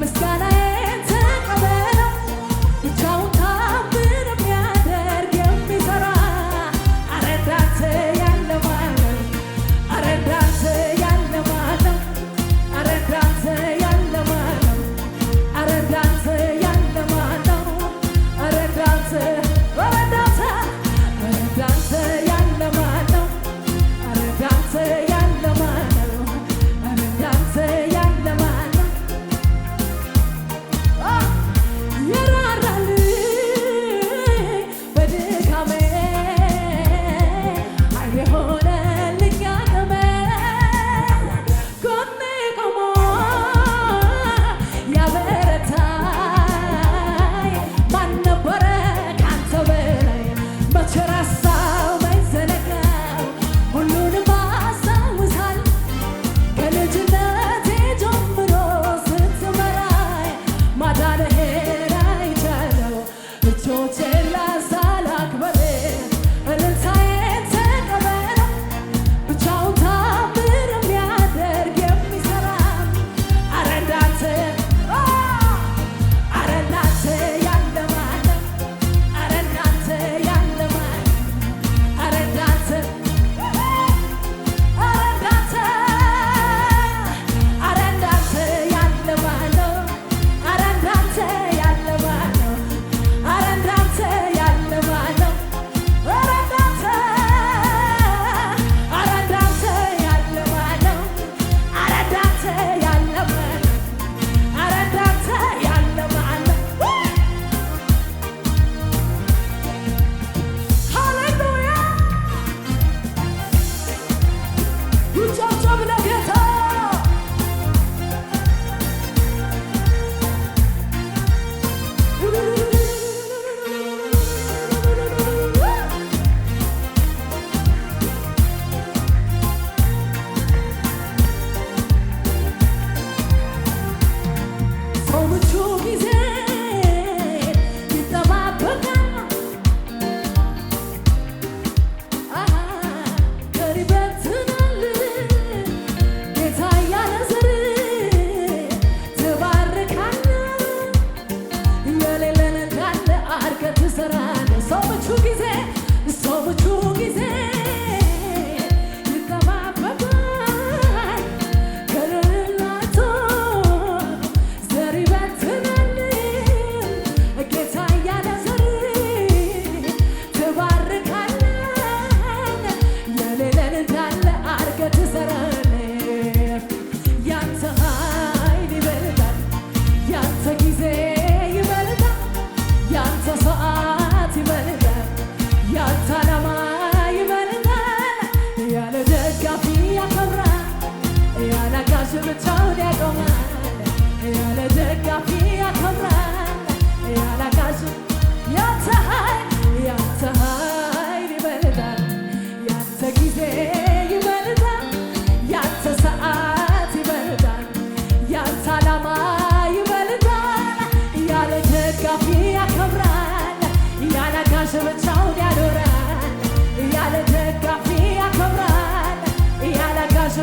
mascara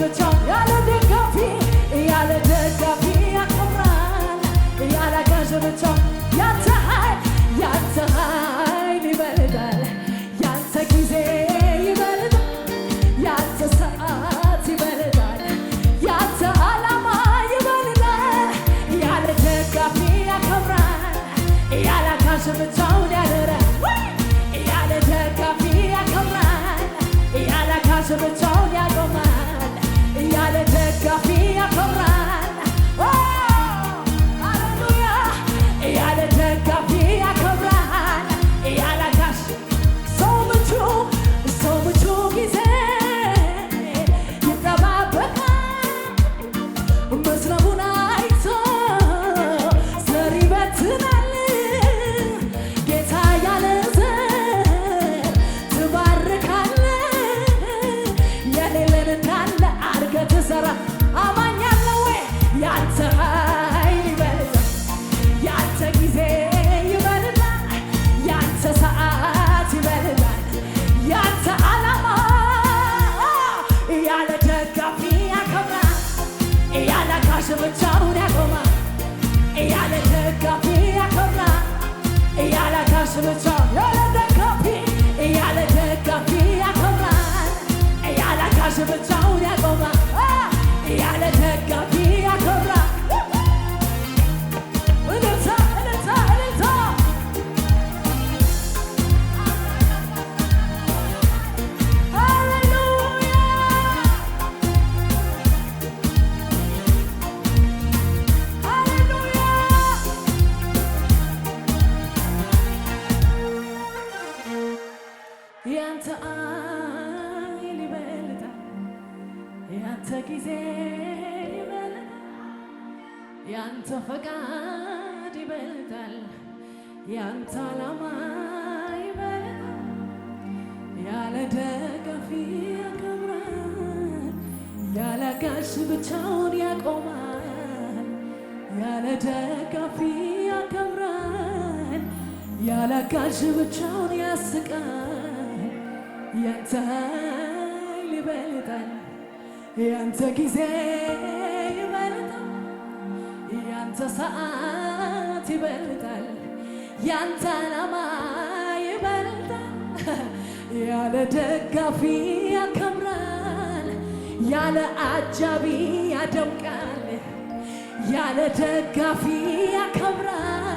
ብቻውን ያለ ደጋፊ ያለ ደጋፊ ያከብራል ያለ አጋዥ ብቻውን ያንተ ኃይል ያንተ ኃይል ይበልጣል ያንተ ጊዜ ይበልጣል ያንተ ሰዓት ይበልጣል ያንተ ዓላማ ይበልጣል ያለ ደጋፊ ያከብራል ያለ አጋዥ ብቻውን ካለ አድገ ትሰራ አማኛለ ወይ ያንተ ኃይል ይበልጥ ያንተ ጊዜ ሰዓት ደጋፊ ብቻውን ደጋፊ ያከብራል ካሽ ብቻ ያንተ ጊዜ ይበልጣል፣ ያንተ ፈቃድ ይበልጣል፣ ያንተ አላማ ይበል ያለ ደጋፊ ያከብራል፣ ያለ ጋሽ ብቻውን ያቆማል። ያለ ደጋፊ ያከብራል፣ ያለ ጋሽ ብቻውን ያስቃል። ያንተ ይበልጣል ያንተ ጊዜ ይበልጣል፣ ያንተ ሰዓት ይበልጣል፣ ያንተ አላማ ይበልጣል። ያለ ደጋፊ ያከብራል፣ ያለ አጃቢ ያደምቃል፣ ያለ ደጋፊ ያከብራል